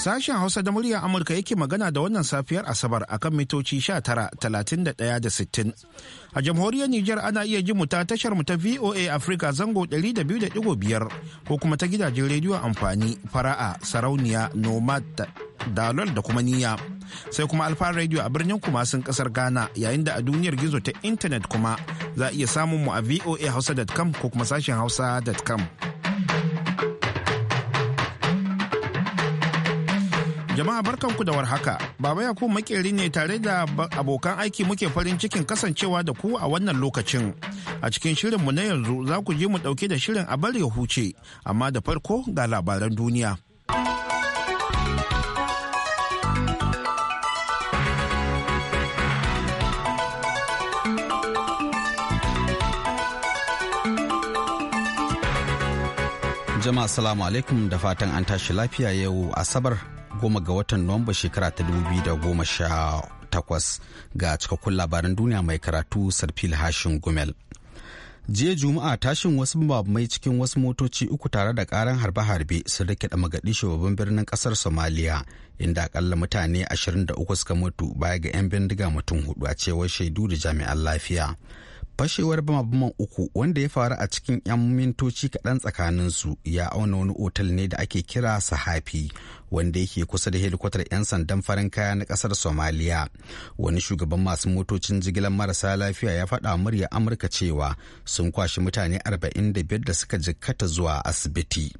Sashen Hausa da muryar Amurka yake magana da wannan safiyar Asabar a kan mitoci talatin da sittin A jamhuriyar Nijar ana iya ji mu ta tashar mu ta VOA Africa zango 200.5 ko kuma ta gidajen rediyo amfani fara'a sarauniya nomad dalol da kuma niyya. Sai kuma alfa radio a birnin kumasin kasar Ghana yayin da a duniyar gizo ta intanet kuma za a iya samun mu a voa voahausa.com ko kuma sashen hausa.com. Jama'a barkanku da warhaka, Baba Yakubu makeri ne tare da abokan aiki muke farin cikin kasancewa da ku a wannan lokacin. A cikin shirin mu na yanzu za ku je mu ɗauke da shirin a bari ya huce, amma da farko ga labaran duniya. Jama'a salamu alaikum da fatan an tashi lafiya yau Asabar goma ga watan Nuwamba shekara ta dubu da goma sha takwas ga cikakkun labaran duniya mai karatu Sarfil Hashin Gumel. jiya juma'a tashin wasu mai cikin wasu motoci uku tare da karan harbe-harbe sun rike da magadishe babban birnin kasar somaliya inda akalla mutane ashirin da uku suka mutu baya ga 'yan bindiga mutum hudu a cewar shaidu da jami'an lafiya fashewar bama uku wanda ya faru a cikin 'yan mintoci kaɗan tsakaninsu ya auna wani otal ne da ake kira sahafi wanda yake kusa da helikwatar 'yan sandan farin kaya na ƙasar somaliya wani shugaban masu motocin jigilar marasa lafiya ya faɗa murya amurka cewa sun kwashi mutane 45 da suka jikkata zuwa asibiti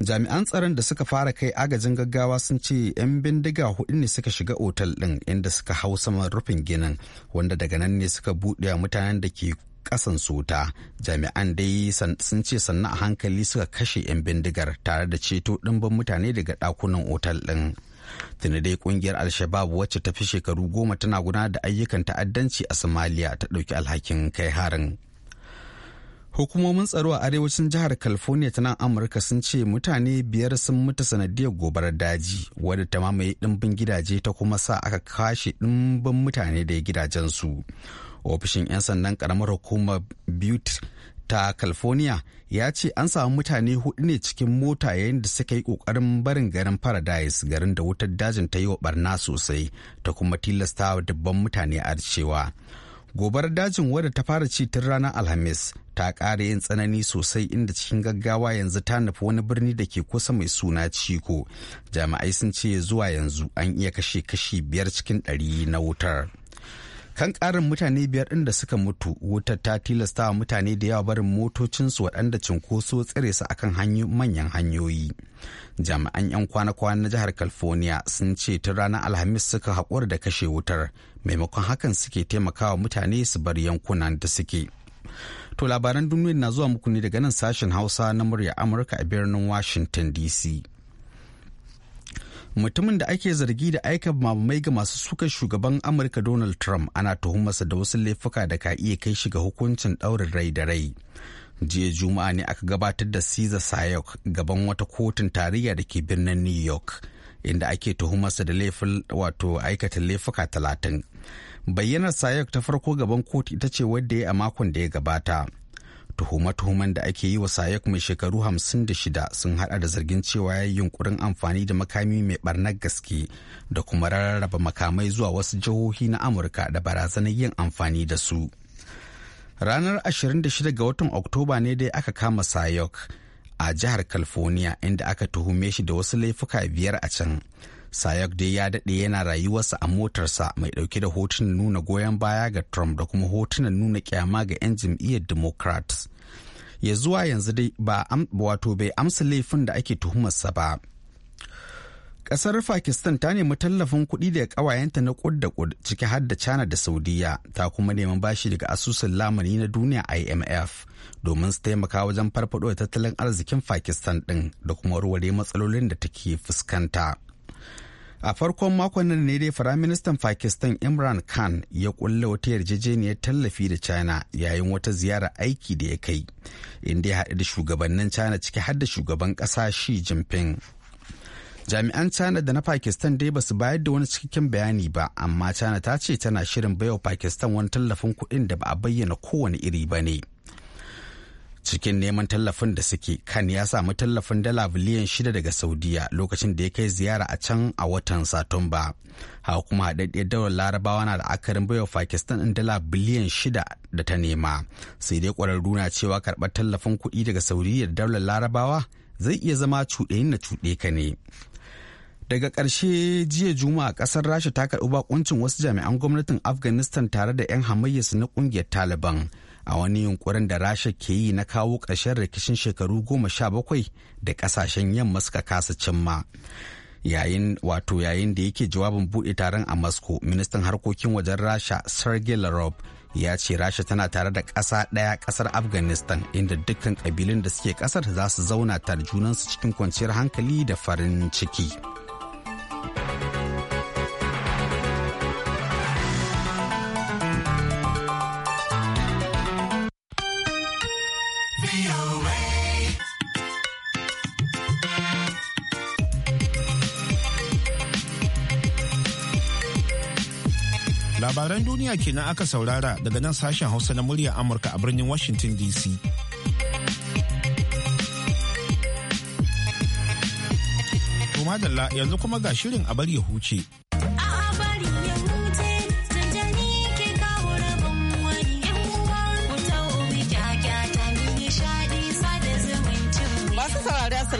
jami'an tsaron da suka fara kai agajin gaggawa sun ce 'yan bindiga hudu ne suka shiga otal ɗin inda suka hau saman rufin ginin wanda daga nan ne suka buɗe mutanen da ke kasan sota jami'an dai sun ce sannan a hankali suka kashe 'yan bindigar tare da ceto ɗimbin mutane daga ɗakunan otal ɗin tuni dai kungiyar al-shabab wacce ta fi shekaru goma tana gudanar da ayyukan ta'addanci a somalia ta ɗauki alhakin kai harin hukumomin tsaro a arewacin jihar california ta nan amurka sun ce mutane biyar sun mutu sanadiyar gobarar daji wadda ta mamaye dimbin gidaje ta kuma sa aka kashe dimbin mutane da gidajensu ofishin 'yan sandan karamar hukumar butte ta california ya ce an samu mutane hudu ne cikin mota yayin da suka yi kokarin barin garin paradise garin da wutar dajin ta yi wa barna sosai ta kuma tilasta dubban mutane arcewa. cewa gobar dajin wadda ta fara ci tun ranar alhamis ta ƙara yin tsanani sosai inda cikin gaggawa yanzu ta nufi wani birni da ke kusa mai suna ciko jami'ai sun ce zuwa yanzu an iya kashe kashi biyar cikin ɗari na wutar kan karin mutane biyar ɗin da suka mutu wutar ta tilasta wa mutane da yawa barin motocinsu waɗanda cinkoso tsire su akan manyan hanyoyi jami'an 'yan kwana-kwana na jihar california sun ce tun ranar alhamis suka haƙura da kashe wutar maimakon hakan suke taimakawa mutane su bar yankunan da suke to labaran duniya na zuwa muku ne daga nan sashen hausa na murya amurka a birnin washington dc mutumin da ake zargi da aika mamamai ga masu suka shugaban amurka donald trump ana tuhumarsa da wasu laifuka da ka iya kai shi ga hukuncin daurin rai da rai jiya juma'a ne aka gabatar da caesar sayok gaban wata kotun tarayya da ke birnin new york inda ake tuhumarsa da laifin wato aikata laifuka talatin bayyanar sayok ta farko gaban kotu ita ce wadda ya a makon da ya gabata tuhume-tuhumen da ake yi wa sayak mai shekaru 56 sun hada da zargin cewa ya yi yunkurin amfani da makami mai barnar gaske da kuma rarraba makamai zuwa wasu jihohi na amurka da barazanar yin amfani da su ranar 26 ga watan oktoba ne dai aka kama sayok a jihar california inda aka tuhume shi da wasu laifuka biyar a can Sayak dai ya daɗe yana rayuwarsa a motarsa mai ɗauke da hotunan nuna goyon baya ga Trump da kuma hotunan nuna kyama ga 'yan jam'iyyar Democrats. Ya zuwa yanzu dai ba wato bai amsa laifin da ake tuhumarsa ba. Ƙasar Pakistan ta nemi tallafin kuɗi daga ƙawayenta na ƙud da ƙud ciki har da China da Saudiya ta kuma neman bashi daga asusun lamani na duniya IMF domin su taimaka wajen farfaɗo da tattalin arzikin Pakistan ɗin da kuma warware matsalolin da take fuskanta. a farkon makon nan ne dai firaministan pakistan imran khan ya kulla wata yarjejeniyar tallafi da china yayin wata ziyara aiki da ya kai inda ya haɗu da shugabannin china ciki har da shugaban ƙasa shi jinping jami'an china da na pakistan dai basu bayar da wani cikakken bayani ba amma china ta ce tana shirin baiwa pakistan wani tallafin kuɗin da ba a bayyana kowane iri ba ne. cikin neman tallafin da suke kan ya samu tallafin dala biliyan shida daga saudiya lokacin da ya kai ziyara a can a watan satumba haka kuma haɗaɗɗiyar daular larabawa na da akarin baiwa pakistan ɗin dala biliyan shida da ta nema sai dai ƙwararru na cewa karɓar tallafin kuɗi daga saudiya da daular larabawa zai iya zama cuɗayin na cuɗe ka ne daga ƙarshe jiya juma'a ƙasar rasha ta karɓi bakuncin wasu jami'an gwamnatin afghanistan tare da 'yan hamayyarsu na ƙungiyar taliban a wani yunkurin da rasha ke yi na kawo ƙarshen rikicin shekaru goma sha bakwai da ƙasashen yamma suka kasa cimma yayin wato yayin da yake jawabin buɗe taron a moscow ministan harkokin wajen rasha sergei Larob ya ce rasha tana tare da ƙasa ɗaya ƙasar afghanistan inda dukkan ƙabilun da suke ƙasar za su zauna tare junansu cikin kwanciyar hankali da farin ciki. Labaran duniya kenan aka saurara daga nan sashen Hausa na muryar Amurka a birnin Washington DC. madalla yanzu kuma ga shirin a bari ya huce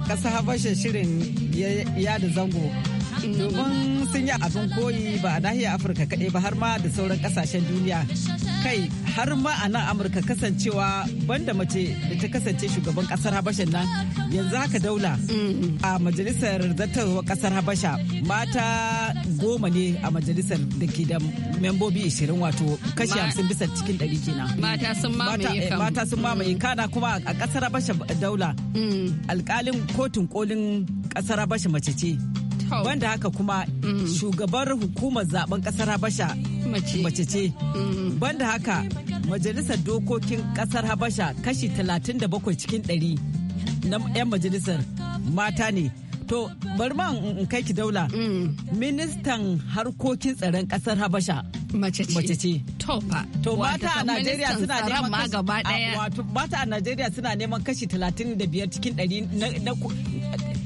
kasa ƙasa habasha shirin ya da zango domin sun yi abin koyi ba a nahiyar afirka kaɗai ba har ma da sauran kasashen duniya kai har ma a nan amurka kasancewa banda mace da ta kasance shugaban kasar habasha nan yanzu haka daula mm. a majalisar zartarwa kasar habasha mata goma ne a majalisar da ke da membobi 20 wato kashi 50 bisa cikin 100 kenan mata sun mamaye mata eh, sun mamaye mm. kana kuma a kasar habasha daula mm. alkalin kotun kolin kasar habasha mace ce banda haka kuma mm-hmm. shugabar hukumar zaben kasar habasha mace ce mm-hmm. banda haka majalisar dokokin kasar habasha kashi 37 cikin 100 na 'yan majalisar mata ne to bari ma in kai ki daula mm. ministan harkokin tsaron kasar habasha mace ce to mata a najeriya suna neman kashi 35 cikin 100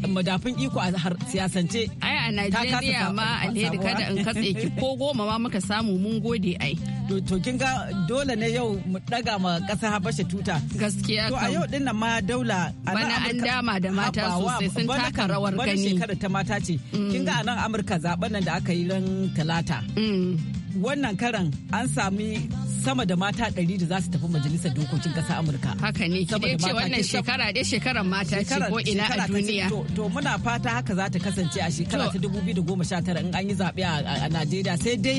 madafin iko a siyasance. Ai a Najeriya ma alheri kada in katse ki ko goma ma muka samu mun gode ai. To kin ga dole ne yau mu daga ma kasar Habasha tuta. Gaskiya To a yau din nan ma daula bana an dama da mata sosai sun taka rawar gani. Bana shekara ta mata ce. Kin ga a nan Amurka zaben nan da aka yi ran Talata. Mm. Wannan karan an sami sama da mata ɗari da za su tafi majalisar dokokin ƙasa amurka haka ne ki dai ce wannan shekara dai shekaran mata ce ko ina a duniya to muna fata haka za ta kasance a shekara ta 2019 in an yi zaɓe a najeriya sai dai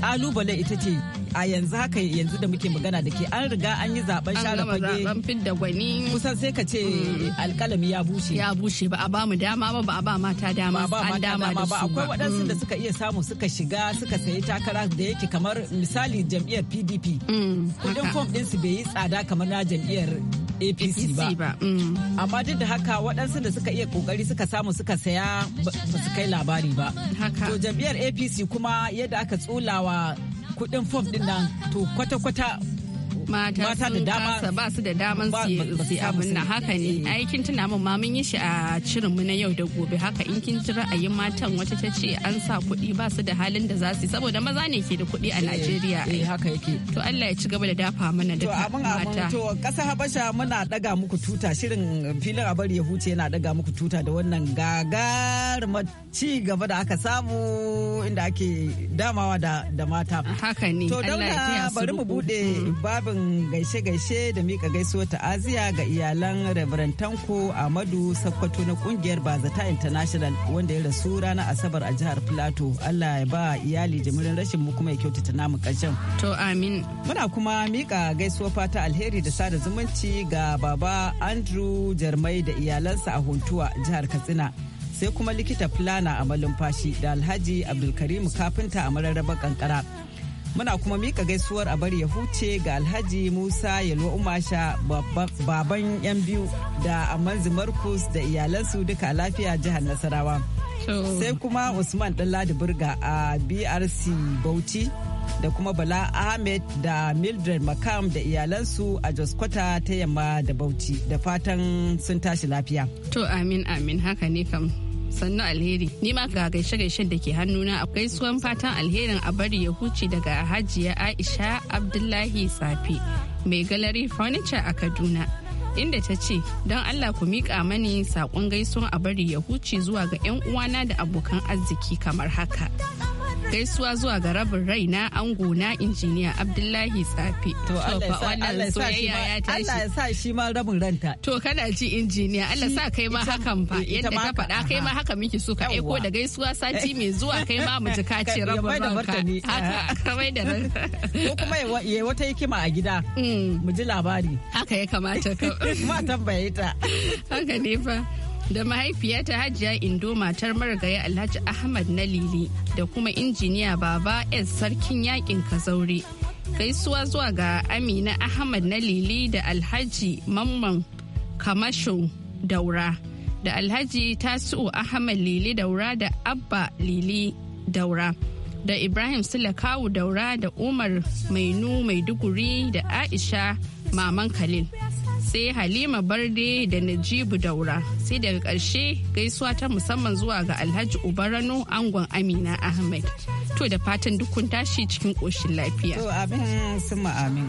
kalubale ita ce a yanzu haka yanzu da muke magana da ke an riga an yi zaben share fage gwani kusan sai ka ce mm. alkalami ya bushe ya bushe ba a ba dama ba ba a ba mata dama ba an dama da su akwai waɗansu da mm. suka iya samu suka shiga suka sayi takara da yake kamar misali jam'iyyar PDP mm, kudin fom ɗinsu bai yi tsada kamar na jam'iyyar apc ba mm. amma duk da haka waɗansu da suka iya kokari suka samu suka saya ba su kai labari ba to jam'iyyar apc kuma yadda aka tsulawa kuɗin fom ɗin nan to kwata-kwata mata da dama ba su da daman su abin na haka ne aikin tuna min ma mun yi shi a cirin mu na yau da gobe haka in kin ji ra'ayin matan wata ta ce an sa kuɗi ba su da halin da za su yi saboda maza ne ke da kuɗi a eh, Najeriya eh haka yake to Allah ya ci gaba da dafa mana da mata to kasa Habasha muna daga muku tuta shirin filin abar ya huce yana daga muku tuta da wannan gagarumar ci gaba da aka samu inda ake damawa da mata haka ne to bari mu bude mm. babin tarin gaishe-gaishe da mika gaisuwa ta'aziya ga iyalan Reverend Tanko Amadu Sakkwato na kungiyar Bazata International wanda ya rasu ranar Asabar a jihar Plateau. Allah ya ba iyali jimirin rashin mu kuma ya kyautata namu ƙarshen. To amin. Muna kuma mika gaisuwa fata alheri da sada zumunci ga baba Andrew Jarmai da iyalansa a Huntuwa jihar Katsina. sai kuma likita fulana a malumfashi da alhaji abdulkarim kafinta a mararraba kankara Muna kuma mika gaisuwar a bari ya huce ga Alhaji Musa Yalwa Umasha baban yan biyu da Amanzi Markus da iyalansu duka lafiya jihar Nasarawa. Sai kuma Usman Ladi Burga a BRC Bauchi da kuma Bala Ahmed da Mildred Makam da iyalansu a Joskota ta yamma da Bauchi da fatan sun tashi lafiya. To amin amin haka ne kam. sannu alheri ni ma ga gaishe gaishe da ke hannuna a gaisuwan fatan alherin a bari ya huce daga hajiya aisha abdullahi safi mai galari furniture a kaduna inda ta ce don allah ku miƙa mani saƙon gaisuwan a bari ya huce zuwa ga 'yan uwana da abokan arziki kamar haka gaisuwa zuwa ga rabin rai na ango na injiniya Abdullahi Tsafi. To soyayya ya tashi. Allah ya sa shi ma rabin ranta. To kana ji injiniya Allah sa kai ma hakan fa yadda ka faɗa kai ma haka miki suka. ka ko da gaisuwa sati mai zuwa kai ma mu ji ka ce rabin ranka. Haka kamar da nan. Ko kuma ya wata hikima a gida. Mm. Mu ji labari. Haka ya kamata ka. Ma tambaye ta. Haka ne fa. da mahaifiyata hajiya indo matar marigayi alhaji ahmad na lili da kuma injiniya baba s sarkin yakin kazauri gaisuwa zuwa ga amina ahmad na lili da alhaji mamman kamasho daura da alhaji tasi'u ahmad lili daura da abba lili daura da ibrahim silakawu daura da umar mainu maiduguri da aisha maman khalil sai halima barde da najibu daura sai daga ƙarshe gaisuwa ta musamman zuwa ga alhaji ubarano angon amina ahmed to da fatan duk kun tashi cikin ƙoshin lafiya to abin sun amin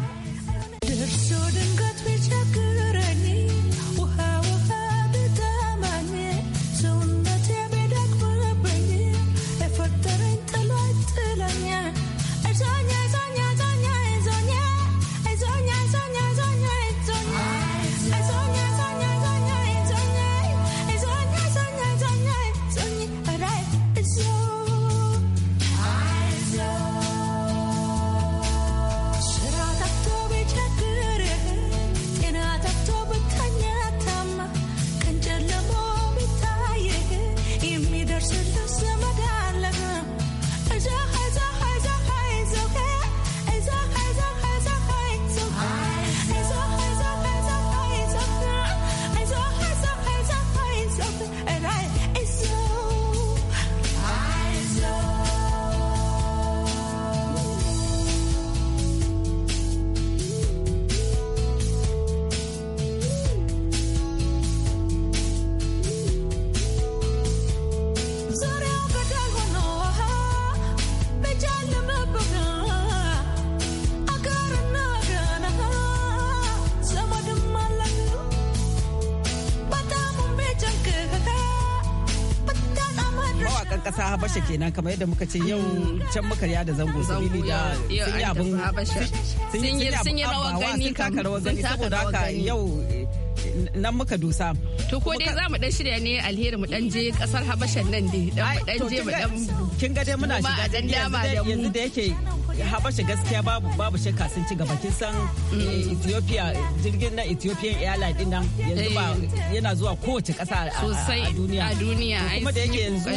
kenan kamar yadda muka ce yau can riya da zango sabili da sun yi abin sun yi rawar gani kan gani saboda haka yau eh, nan muka dusa. To ko dai za mu dan shirya ne alheri mu dan je kasar Habashan nan dai dan je mu dan kin ga dai muna shiga dan dama da mu da yake habasha gaskiya babu babu shakka sun ci gaba kin san eh, ethiopia jirgin na ethiopian Airlines din nan yanzu ba eh. yana zuwa kowace kasa a duniya kuma da yake yanzu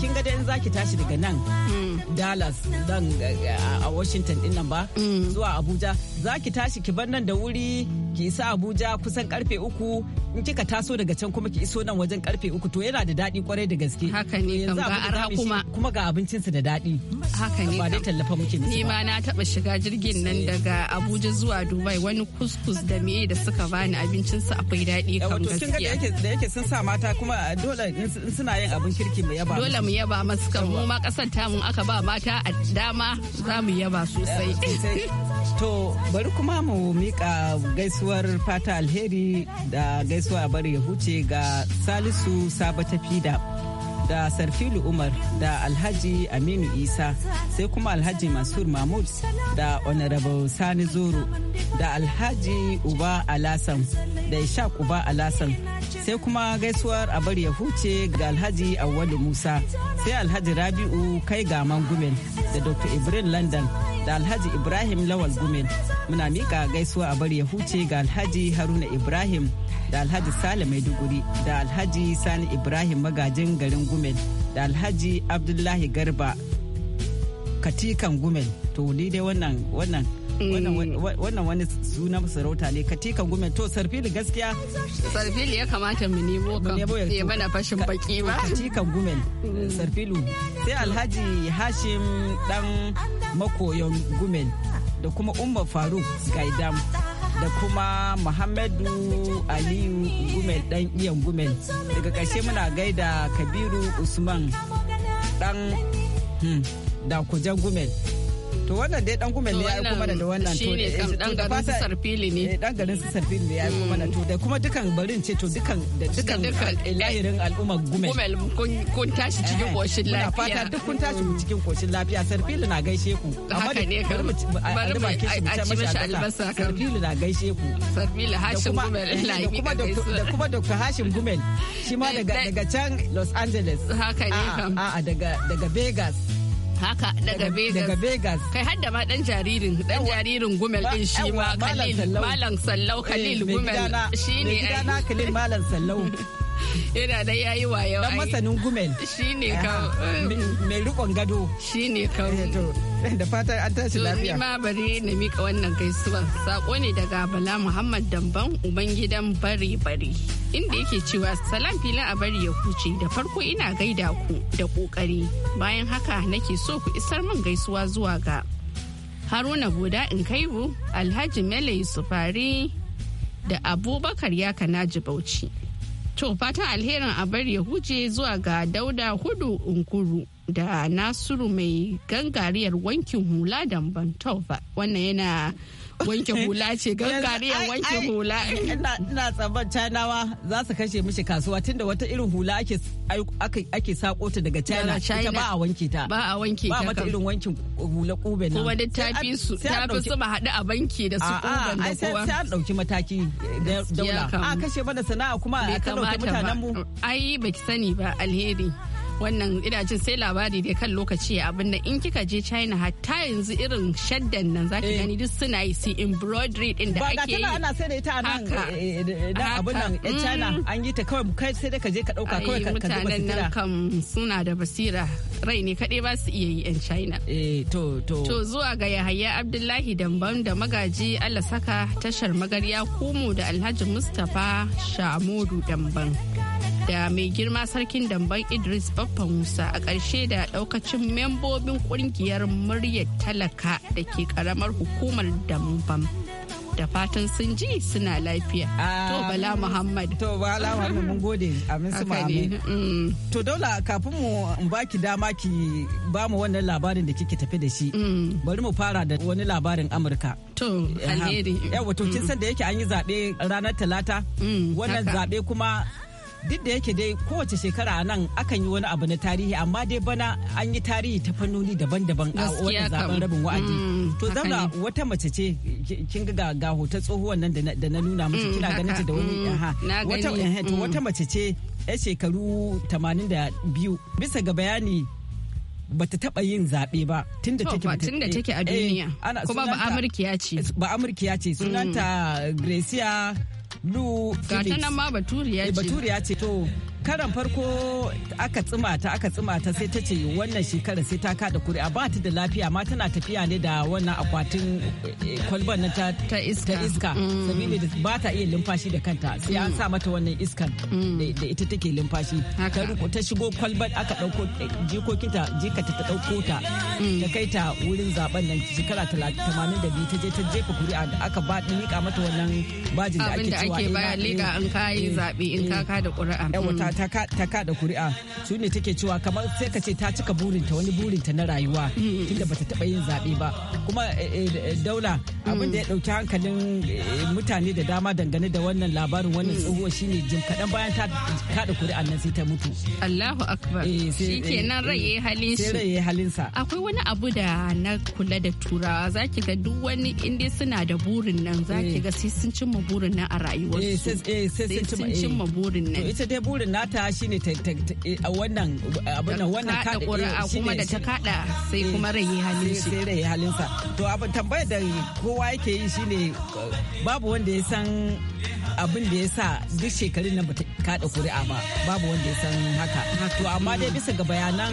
kin ga in zaki tashi daga nan hmm. dallas dan eh, a washington din nan ba hmm. zuwa abuja zaki tashi ki bar nan da wuri ki isa abuja kusan karfe uku in kika taso daga can kuma ki iso nan wajen karfe uku to yana da daɗi kwarai da gaske haka ne kan ba ara kuma kuma ga abincinsa da daɗi haka ne ba dai tallafa muke ni ma na taba shiga jirgin nan daga abuja zuwa dubai wani kuskus da me da suka bani abincinsu akwai daɗi kam gaskiya da yake sun sa mata kuma dole suna yin abin kirki mu yaba dole mu yaba masu kan mu ma kasar mun aka ba mata a dama za mu yaba sosai to bari kuma mu mika gaisuwa gaisuwar fata alheri da gaisuwa bari ya huce ga salisu sabata fida da sarfilu umar da alhaji aminu isa sai kuma alhaji masur mahmud da honorable sani zoro da alhaji uba alasan da ishaq uba alasan sai kuma gaisuwar a bar ya huce ga alhaji awwalu musa sai alhaji rabi'u kai gaman gumel da dr ibrahim london da alhaji ibrahim lawal gumen muna miƙa gaisuwa a bar ya huce ga alhaji haruna ibrahim da Alhaji Sale Maiduguri da Alhaji Sani Ibrahim magajin garin Gumel da Alhaji Abdullahi Garba Katikan Gumel to ni dai wannan wannan wannan eh. wani suna sarauta ne katikan Gumel. to sarfili gaskiya sarfili ya kamata mu nemo kan ya bana fashin baki ba katikan Gumel, mm. sarfilu sai alhaji hashim dan makoyon Gumel, da kuma umar faruk gaidam da kuma Muhammadu Aliyu Gumel dan iyan Gumel. Daga ƙarshe muna gaida Kabiru Usman ɗan hmm, kujan Gumel. to wannan dai dan kuma ne ya kuma da wannan to eh, dan garin su sarfili ne dan garin su sarfili ne ya kuma na mm. to da kuma dukan barin ce to dukan da dukan lahirin al'umma gumen gumen kun tashi cikin eh, koshin lafiya fata duk kun tashi mm. cikin koshin lafiya sarfili na gaishe ku haka ne bari mu ci mashi albasa sarfili na gaishe ku sarfili hashim gumel na kuma da kuma dr hashim gumel shi ma daga can los angeles haka ne kam a'a daga daga vegas haka daga Vegas kai hadda ma dan jaririn dan jaririn Gumel din shi ma kalil Malam Sallau eh, kalil Gumel shine ai Malam Sallau yana da yayi wayo dan masanin gumel ne ka mai rikon gado ne eh, da fatan an tashi lafiya ni ma bari na mika wannan gaisuwa sako ne daga Bala Muhammad Damban ubangidan bare bare inda yake cewa salam filin a bari ya kuce da farko ina gaida ku da kokari bayan haka nake so ku isar min gaisuwa zuwa ga Haruna Boda kai Alhaji Mele Yusufari da Abubakar Yaka Naji Bauchi To fatan alherin a bari ya huce zuwa ga dauda hudu unkuru da nasiru mai gangariyar wankin hula da bantau Wannan yana wanke hula ce gangariyar wanke hula ina tsaban chinawa za su kashe mishi kasuwa tunda wata irin hula ake ake sako ta daga china ita ba a wanke ta ba a wanke ta ba mata irin wankin hula kube na kuma duk ta fi su su ba haɗu a banki da su kuban da kowa sai an dauki mataki eh, da daula a kashe mana sana'a kuma a kan dauki mutanen mu ai baki sani ba alheri wannan ina jin sai labari da kan lokaci abin da in kika je China hatta yanzu irin shaddan nan ki eh. gani duk suna yi su embroidery din da ake yi. ana sai da ita nan haka eh, eh, abin nan yan mm. China an yi ta kawai kai sai da ka je ka dauka kawai ka zuba mutanen nan kam suna da basira rai ne kaɗai ba su iya yi yan China. Eh to to. To zuwa ga Yahaya Abdullahi Dambam da magaji Allah saka tashar magarya Kumu da Alhaji Mustapha shamudu Dambam. da mai girma sarkin damban idris baffa musa a ƙarshe da ɗaukacin membobin ƙungiyar muryar talaka da ke ƙaramar hukumar damban da fatan sun ji suna lafiya to bala muhammad to bala muhammad mun gode amin su mm. to dole kafin mu baki dama ki ba mu wannan labarin da kike tafi da shi mm. bari mu fara da wani labarin amurka to alheri yawa to kin san da yake an yi zabe ranar talata mm, wannan zabe kuma duk da yake dai kowace shekara a nan akan yi wani abu na tarihi amma dai bana an yi tarihi ta fannoni daban-daban a wannan zaben rabin wa'adi mm, to zama wata mace ce kin ga ga hoton tsohuwan nan da na nuna mace mm, kina ganin ta da wani mm, wata eh, eh, wata mace ce ya shekaru 82 bisa ga bayani bata taba yin zaɓe ba tunda take tun da eh, take a duniya kuma ba amurkiya ce ba amurkiya ce sunanta Gracia Lu Ga Gata nan ma baturiya eh, ce. Baturiya ce to. karan farko aka tsima ta aka tsima ta sai ta ce wannan shekarar sai ta kada kuri'a ba ta da lafiya ma tana tafiya ne da wannan akwatin eh, eh, kwalban na ta iska mm. sabili da ba ta iya limfashi da kanta sai an mm. sa mata wannan iskan mm. da ita take limfashi ta shigo kwalban aka dauko eh, jikokinta jikata ta dauko ta ta kai ta wurin zaben nan shekara 82 ta je ta jefa kuri'a da aka ba mata wannan bajin da ake cewa abin da ake baya lika in kayi in ka da kuri'a ta kada kuri'a su ne take cewa kamar sai ka ce ta cika burinta wani burinta na rayuwa tunda bata taba yin zaɓe ba kuma eh, eh, eh, daula abin da ya ɗauki hankalin mutane da dama dangane da wannan labarin wannan tsohuwar shine jim kaɗan bayan ta kada kuri'a nan sai ta mutu Allahu akbar shikenan rai halin shi raye halin sa akwai wani abu da na kula da turawa zaki ga duk wani inda suna da burin nan zaki ga sai sun cimma burin nan a rayuwarsu sai sun cimma burin nan ita dai burin nata shine a eh, wannan abin wannan kada ƙuri'a eh, kuma da ta kada sai kuma rai eh, halin shi sai rai halinsa to abin tambayar da kowa yake yi shine babu wanda ya san abin da ya sa duk shekarun nan bata kada kuri'a ba babu wanda ya san haka to amma dai bisa ga bayanan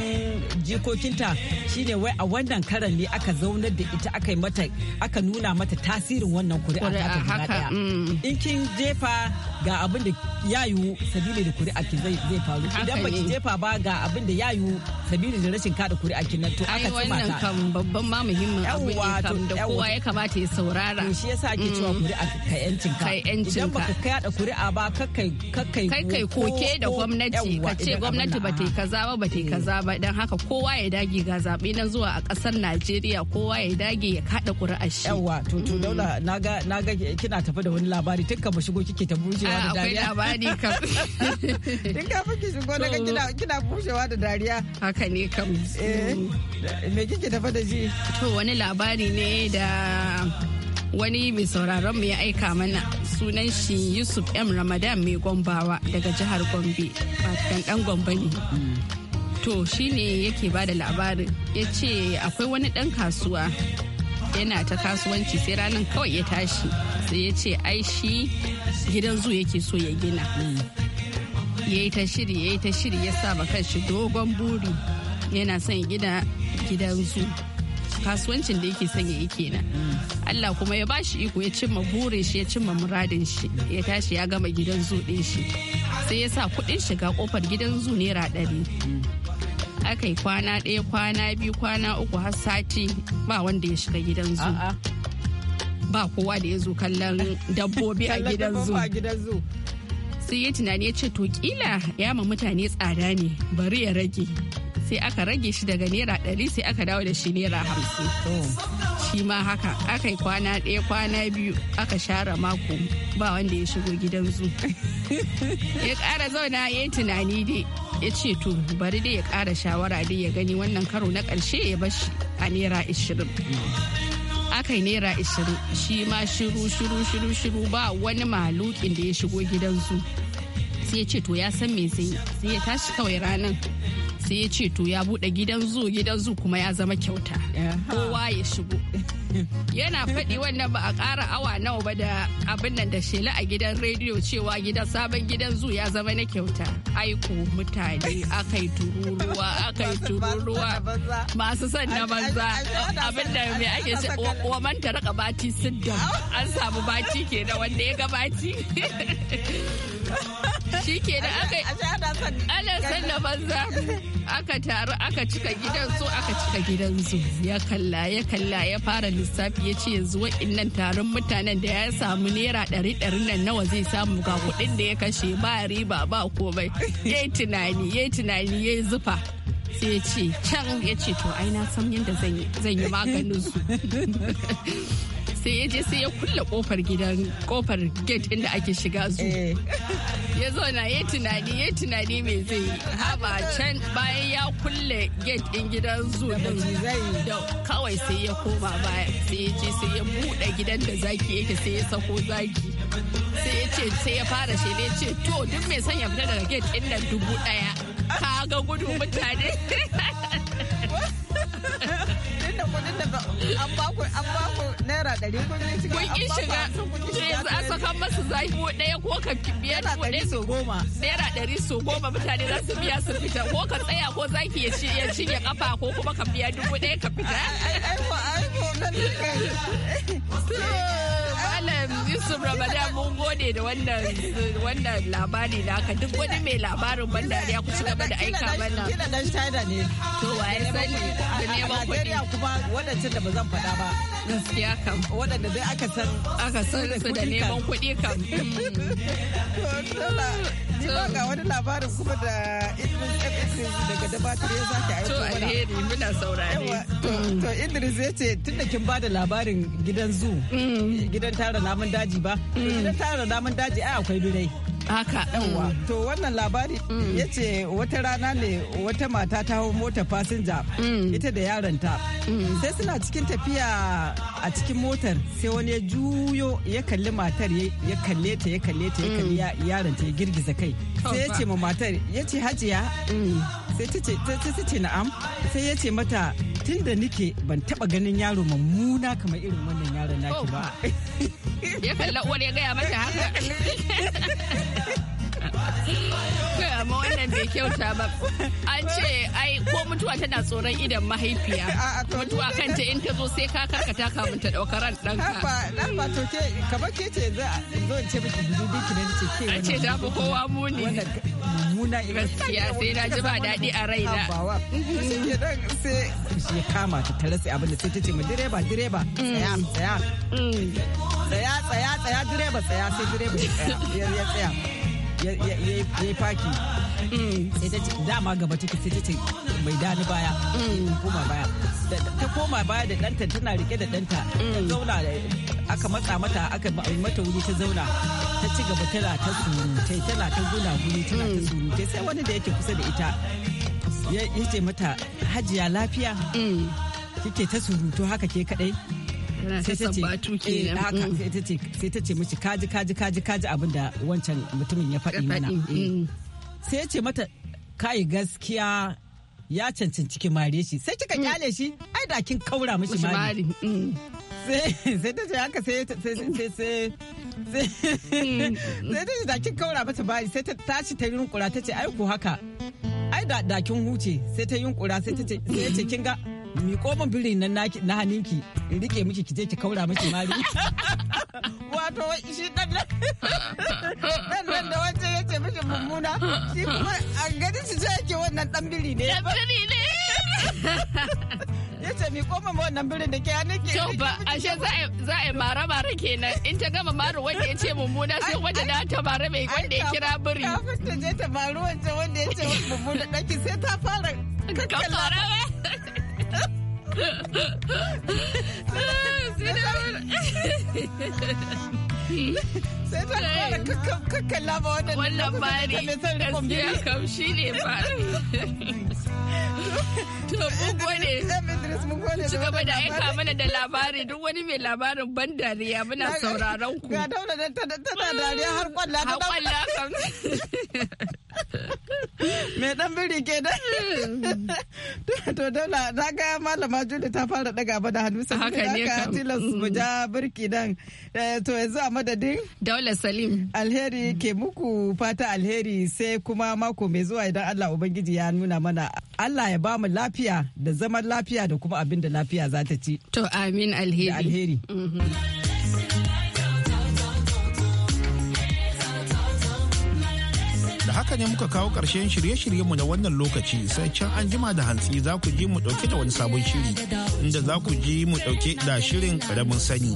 jikokinta shine wai a wannan karan ne aka zaunar da ita aka yi mata aka nuna mata tasirin wannan kuri'a ta ta daya mm. in kin jefa ga abin da ya yiwu sabili da kuri'a ki zai zai faru idan baki jefa ba ga abin da ya yiwu sabili da rashin kada kuri'a ki nan to aka ci mata ba ta babban ma muhimmin abu ne kam da kowa ya kamata ya saurara to shi yasa ake cewa mm. kuri'a ka ka yancin ka yancin ka kai haɗa kuri'a ba kakai kakai kai koke da gwamnati ka ce gwamnati ba ta kaza ba ba ta eh. kaza ba dan haka kowa ya dage ga zabe na zuwa a kasar Najeriya kowa ya dage ya kada kuri'a shi yawa to to daula mm. naga naga kina tafi da wani labari tun ka shigo kike ta bushewa da ah, dariya akwai labari ka tun ka fiki shigo daga kina kina bushewa da dariya haka ne kam eh, me kike tafi da ji to wani labari ne da wani mai sauraron mu ya aika mana sunan shi yusuf m ramadan mai gombawa daga jihar gombe fatan dan gombe ne to shine yake bada labarin ya ce akwai wani dan kasuwa yana ta kasuwanci sai ranar kawai ya tashi sai ya ce ai shi gidan zu yake so ya gina ya yi ta shiri ya yi ta shiri ya sa kan shi dogon buri yana son gina gidan zu kasuwancin da yake sanya yake na Allah kuma ya bashi iko ya cimma burin shi ya cimma muradin shi ya tashi ya gama gidan zu din shi sai ya sa kuɗin shiga kofar gidan zu naira ɗari aka yi kwana ɗaya kwana biyu kwana uku har sati ba wanda ya shiga gidan zu ba kowa da ya zo kallon dabbobi a gidan zu sai ya tunani ya ce to kila ya ma mutane tsada ne bari ya rage sai aka rage shi daga naira ɗari sai aka dawo da shi naira hamsin shi ma haka aka yi kwana ɗaya kwana biyu aka share mako ba wanda ya shigo gidan zu ya ƙara zauna ya yi tunani dai ya ce to bari dai ya ƙara shawara dai ya gani wannan karo na ƙarshe ya bashi a naira ishirin aka yi naira ishirin shi ma shiru shiru shiru shiru ba wani malukin da ya shigo gidan zu sai ya ce to ya san me zai sai ya tashi kawai ranar sai ya ce to ya bude gidan zu gidan zu kuma ya zama kyauta kowa ya shigo yana faɗi wannan ba a ƙara awa nawa ba da abin nan da shela a gidan rediyo cewa gidan sabon gidan zu ya zama na kyauta aiko mutane aka yi tururuwa aka yi tururuwa masu son na banza abin da mai ake ce wa man ta raka bati sidda an samu bati kenan wanda ya ga bati shi da aka ana sanna banza aka taru aka cika gidan su aka cika gidan su ya kalla ya kalla ya fara lissafi ya ce yanzu wa'innan taron mutanen da ya samu naira ɗari ɗari nan nawa zai samu ga kuɗin da ya kashe ba riba ba komai ya yi tunani ya yi tunani ya yi zufa sai ya ce can ya ce to ai na san yadda zan yi maganin su sai ya je sai ya kulle kofar gidan kofar gate inda ake shiga zu eh. ya zauna ya tunani ya tunani mai zai haba can bayan ya kulle gate din gidan zu da kawai sai ya koma baya sai ya je sai ya buɗe gidan da zaki yake sai ya sako zaki sai ya ce sai ya fara shi ya ce to duk mai son ya fita daga gate din nan dubu ɗaya ka ga gudu mutane an ba ku an ba ku naira ɗari kun yi shiga kun yi shiga yanzu an saka masu zahimo ɗaya ko ka biya ɗari so goma naira ɗari so goma mutane za su biya su fita ko ka tsaya ko zaki ya ci ya cinye kafa ko kuma ka biya dubu ɗaya ka fita ai ko ai ko nan kai Malam Yusuf Ramadan mun gode da wannan labari da aka duk wani mai labarin banda ya ku ci gaba da aika mana. Kina dan shaida ne. To wa ya sani da neman kuɗi. Najeriya kuma waɗancan da ba zan faɗa ba. Gaskiya kam. Waɗanda dai aka san. Aka san su da neman kuɗi kam. ji ba ga wani labarin kuma da Idris Idris daga dabatar ya zaki aiki. To alheri muna saurare. To Idris ya ce tun da kin ba da labarin gidan zoo mm. gidan tara namun daji ba. Gidan tara namun daji ai akwai birai. haka ɗanwa. Mm. to wannan labari mm. ya ce wata rana ne wata mata ta hau mota fasinja mm. ita da yaronta sai suna cikin tafiya a cikin motar sai wani ya juyo ya kalli matar ya kalle ta ya kalle ta ya kalli yaronta ya girgiza kai sai ya ce ma matar ya ce hajiya sai ta ce na'am sai ya ce mata tun da nike ban taba ganin yaro mummuna kamar irin wannan yaron naki ba ya kalla uwar ya gaya mata haka Kai amma wannan bai kyauta ba. An ce ai ko mutuwa tana tsoron idan mahaifiya. Mutuwa kanta in ta zo sai ka karkata kamun ta dauka ran ɗanka. ba na ba to ke kamar ke ce za zo in ce miki dubi ki nan ce ke. An ce da fi kowa muni. Muna ya sai na ji ba dadi a raina. Sai ke dan sai ya kama ta tare sai abin da sai ta ce mu direba direba tsaya mm. tsaya. Mm. Tsaya tsaya tsaya direba tsaya sai direba ya tsaya. ya faki mm. dama gaba take sai ta mai dani baya mm. koma baya ta koma baya da ɗanta tana rike da ɗanta ta mm. zauna aka matsa mata aka yi mata wuri ta zauna ta ci gaba tana ta surutai tana ta guna guri tana ta surutai sai wani da yake kusa da ita ya ce mata hajiya lafiya kike ta surutu haka ke kadai Eh, mm. sai ta ce sai ta ce kaji kaji kaji kaji da wancan mutumin ya faɗi mana eh. mm. sai ya ce mata kai gaskiya ya cancanci ki mare shi sai kika mm. kyale shi ai da kin kaura mishi mari sai ta ce haka sai sai sai sai ta ce da kin kaura mata bari sai ta tashi ta rinkura ta ce ai ku haka ai da dakin kin huce sai ta yunkura sai ta ce sai ta ce kin ga mi min biri na na haninki in rike miki ki je ki kaura miki mali wato shi dan nan Ɗan da wancan ya ce miki mummuna shi kuma a gani shi sai yake wannan dan biri ne dan biri ne ya ce miƙo min wannan birin da ke haninki to ba she za a mara mara kenan in ta gama mara wanda ya ce mummuna sai wanda na ta mara mai wanda ya kira biri kafin ta je ta mara wancan wanda ya ce mummuna ɗaki sai ta fara kakkalawa sai ta fara kakkalla ba wannan wannan bari gaskiya kam shi ne ba to bugu ne Idris mun gode da gaba da aika mana da labari duk wani mai labarin ban dariya muna sauraron ku. Ga daula da tana dariya har kwalla ta kwalla kan. Me dan biri ke da. Hmm. To daula ta ga malama Juli ta fara daga ba da hannu sai ka tilas mu hmm. ja birki dan. Eh, to yanzu a madadin Daula Salim. Alheri ke muku fata alheri sai kuma mako mai zuwa idan Allah Ubangiji ya nuna mana Allah ya ba mu lafiya da zaman lafiya da kuma abin da lafiya za ta ci. To amin alheri. Mhm. Da haka ne muka kawo ƙarshen shirye-shiryenmu na wannan lokaci sai can an jima da hantsi za ku ji mu ɗauke da wani sabon shiri inda za ku ji mu ɗauke da shirin ƙaramin sani